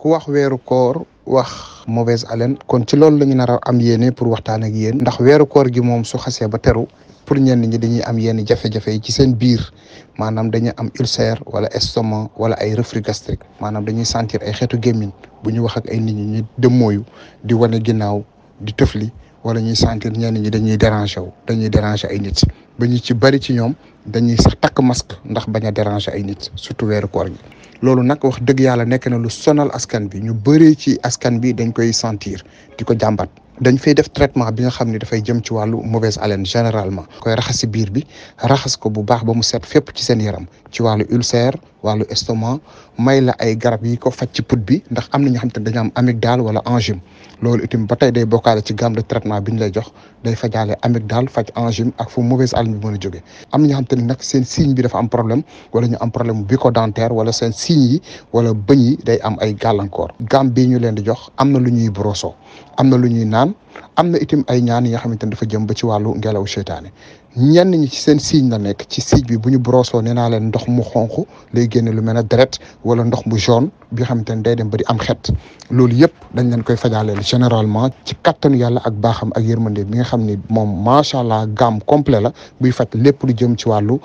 ku wax weeru koor wax mauvaise haleine kon ci loolu la nar a am yéene pour waxtaan ak yéen ndax weeru koor gi moom su xasee ba teru pour ñenn ñi dañuy am yenn jafe-jafe yi ci seen biir maanaam dañuy am ulcère wala estomac wala ay reflux gastrique maanaam dañuy sentir ay xeetu gémmiñ bu ñu wax ak ay nit ñi ñu dëmmooyu di wane ginnaaw di tëfli wala ñuy sentir ñenn ñi dañuy déranger wu dañuy déranger ay nit ba ñu ci bari ci ñoom dañuy sax takk masque ndax bañ a déranger ay nit surtout weeru koor gi. loolu nag wax dëgg yàlla nekk na lu sonal askan bi ñu bëree ci askan bi dañ koy sentir di ko jàmbat. dañ fay def traitement bi nga xam ne dafay jëm ci wàllu mauvaise haleine généralement. koy raxas si biir bi raxas ko bu baax ba mu set fépp ci seen yaram ci wàllu ulcère. wàllu estomac may la ay garab yi ko faj ci put bi ndax am na ñoo xam te dañu am daal wala angine loolu itam ba tey day bokkaale ci gamme de traitement bi ñu lay jox day fajaale daal faj angine ak fu mauvaise haleine bi mën a joge am na ñoo xam te ne nag seen signe bi dafa am problème wala ñu am problème bucco-dentaire wala seen signe yi wala bëñ yi day am ay gàllankoor gamme bii ñu leen di jox am na lu ñuy broso am na lu ñuy naan amna itim ay ñaan yi nga xamanteni dafa jëm ba ci walu ngelaw seytaane ñen ñi ci seen siñ la nekk ci siñ bi buñu broso neena nee leen ndox mu xonq lay génn lu mel ne deret wala ndox mu jaune bi xamanteni day dem ba di am xet loolu yëpp dañ leen koy fajaaleel généralement ci kattanu yàlla ak baaxam ak yërmande bi nga xam ni moom macha allah gam complet la buy fat lépp lu jëm ci walu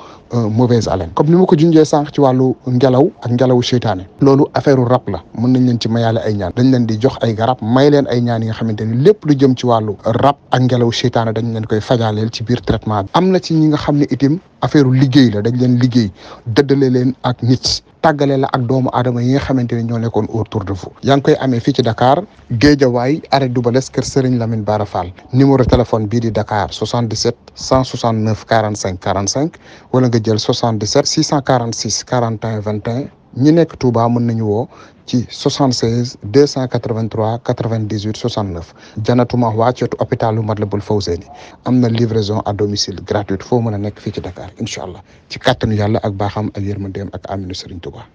mauvaise haleine comme ni ma ko junjee sànq ci walu ngelaw ak ngelaw seytaane loolu affaire rab la mën nañ leen ci mayaale ay ñaan dañ leen di jox ay garab may leen ay ñaan yi nga xamanteni lépp lu jëm ci wàllu rab ak ngelaw seytaane dañ leen koy fajaaleel ci biir traitement am na ci ñi nga xam ne itim affaire liggéey la dañ leen liggéey dëddale leen ak nit tàggale la ak doomu aadama yi nga xamante ne ñoo nekkoon autour de vous yaa ngi koy amee fii ci Dakar Géejawaay arrêt Dubales kër Serigne Lamine Bara Fall numéro téléphone bii di Dakar 77 169 45 45 wala nga jël 77 646 41 21 ñi nekk Touba mën nañu woo ci 76 283 98 69 Janatu Mahwa ci wetu hôpitalu Matlaboul Fawzeyni am na livraison à domicile gratuite foo mën a nekk fii ci Dakar incha allah ci kattanu yàlla ak baaxam ak yërmandeem ak aminu Serigne Touba.